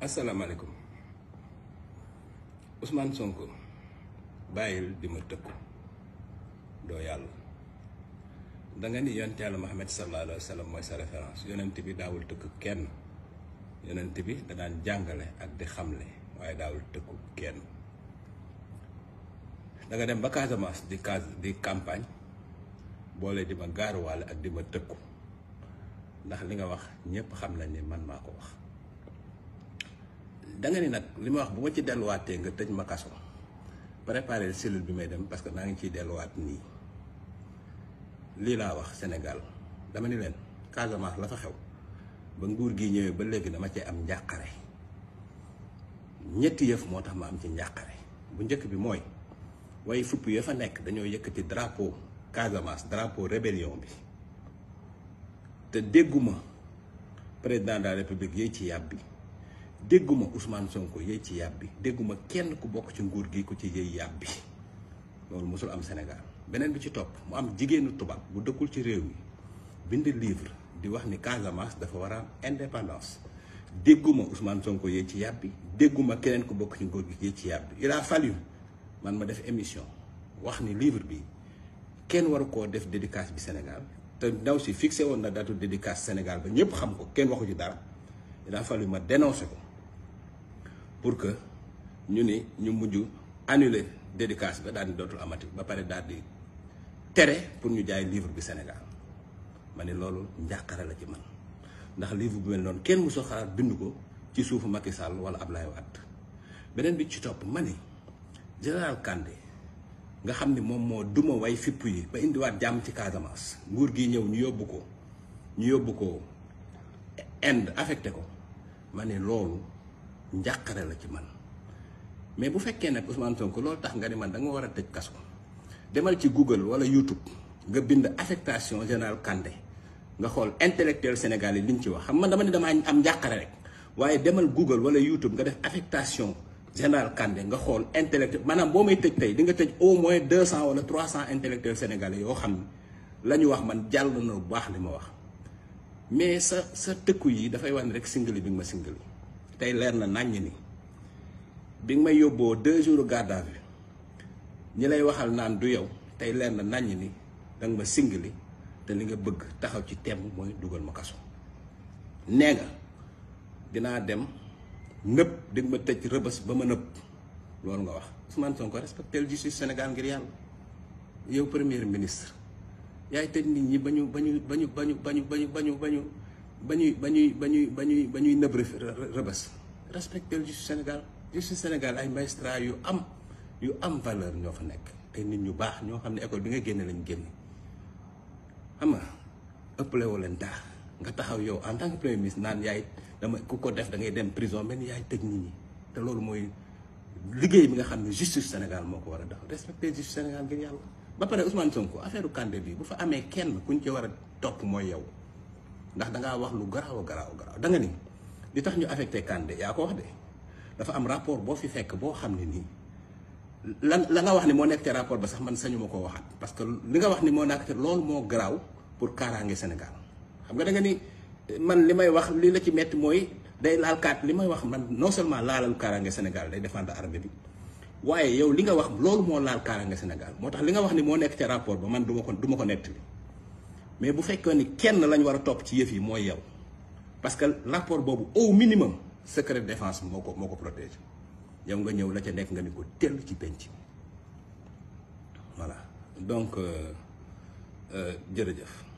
Assalamualaikum. Ousmane Sonko bàyyil di ma tëkku doo yàlla danga ni yonent yàlla Muhammad sallallahu alayhi wa sallam mooy sa référence yonent bi daawul tëkk kenn yonent bi da daan jàngale ak di xamle waaye daawul tëkku kenn danga dem ba Casamance di cas di campagne boole di ma gaaruwaale ak di ma tëkku ndax li nga wax ñépp xam nañ ni man maa wax da nga ni nag li ma wax bu ma ci delluwaatee nga tëj ma kaso préparé cellule bi may dem parce que maa ngi ciy delluwaat nii lii laa wax Sénégal dama ni leen Casamance la fa xew ba nguur gi ñëwee ba léegi dama cee am njàqare ñetti yëf moo tax ma am ci njàqare bu njëkk bi mooy waaye fupp ya fa nekk dañoo yëkkati drapeau Casamance drapeau rébellion bi te dégguma président de la république ci dégguma Ousmane Sonko yëy ci yàb bi dégguma kenn ku bokk ci nguur gi ko ci yëy yàb bi loolu mosul am Sénégal beneen bi ci topp mu am jigéenu tubaab bu dëkkul ci réew mi bind livre di wax ni Casamance dafa war a am indépendance dégguma Ousmane Sonko yëy ci yàb bi dégguma keneen ku bokk ci nguur gi yëy ci yàb bi il a man ma def émission wax ni livre bi kenn waru koo def dédicace bi Sénégal te ndaw si fixé woon na datu dédicace Sénégal ba ñëpp xam ko kenn waxu ci dara il a ma dénoncé ko pour que ñu ni ñu mujj annuler dédicace ba daal di dootul amati ba pare daal di tere pour ñu jaay livre bi Sénégal ma ne loolu njàqare la ci man ndax livre bu mel noonu kenn mosoo xalaat bind ko ci suufu Macky Sall ab Ablaye waat beneen bi ci topp ma ni général Kandé nga xam ni moom moo duma way fipp yi ba indiwaat jàmm ci Casamance nguur gi ñëw ñu yóbbu ko ñu yóbbu ko Inde affecté ko ma ne loolu njàqare la ci man mais bu fekkee nag Ousmane Sonko loolu tax nga ni man da nga war a tëj kaso demal ci Google wala YouTube nga bind affectation générale kande nga xool intellectuel Sénégal yi li ñu ci wax xam man dama ne damaa am njàqare rek waaye demal Google wala YouTube nga def affectation générale Kandé nga xool intellectuel maanaam boo may tëj tey di nga tëj au moins deux cent wala trois cent intellectuels sénégalais yoo xam ne la ñu wax man jàll na bu baax li ma wax mais sa sa tëkku yi dafay wax ne rek singali bi nga ma singali tey leer na nàññ ni bi nga may yóbboo deux jours garde à ñi lay waxal naan du yow tey leer na nàññ ni danga ma singli te li nga bëgg taxaw ci temm mooy dugal ma kaso nee dinaa dem nëpp di nga ma tëj rëbës ba ma nëpp loolu nga wax su Ousmane Sonko respecté justice Sénégal ngir yàlla yow premier ministre yaay tëj nit ñi ba ba ñu ba ñu ba ñu ba ñu ba ñu ba ñu ba ñuy ba ñuy ba ñuy ba ñuy ba ñuy nëb rëbës respecté justice Sénégal justice Sénégal ay magistrat yu am yu am valeur ñoo fa nekk ay nit ñu baax ñoo xam ne école bi nga génne lañ génn xam nga ëppale woo leen daax nga taxaw yow en tant que premier ministre naan yaay dama ku ko def da ngay dem prison mel ni yaay tëj nit ñi te loolu mooy liggéey bi nga xam ne justice Sénégal moo ko def respecté justice Sénégal ngir yàlla ba pare Ousmane Sonko affaire Kandé bi bu fa amee kenn kuñ ci war a topp yow ndax da wah wax lu garaaw a garaaw da nga ni li tax ñu affecté Kandé ya ko wax de dafa am rapport bo fi fekk boo xam ne la nga wax ni moo nekk te rapport ba sax man sañu ma koo waxaat parce que li nga wax ni moo te loolu moo pour kaaraange Sénégal xam nga da nga ni man li wax li la ci metti mooy day laal kaat li wax man non seulement laalal kaaraange Sénégal day défendre armée bi waaye yow li nga wax loolu moo laal kaaraange Sénégal wah li nga wax ni moo nekk te rapport ba man du ko ko mais bu faites ni kenn lañ war top topp ci yëf yi mooy yow parce que rapport bobu au minimum secret défense moko moko protège y a yow nga ñëw la ca nekk nga ni ko tell ci voilà donc euh, euh, jërëjëf.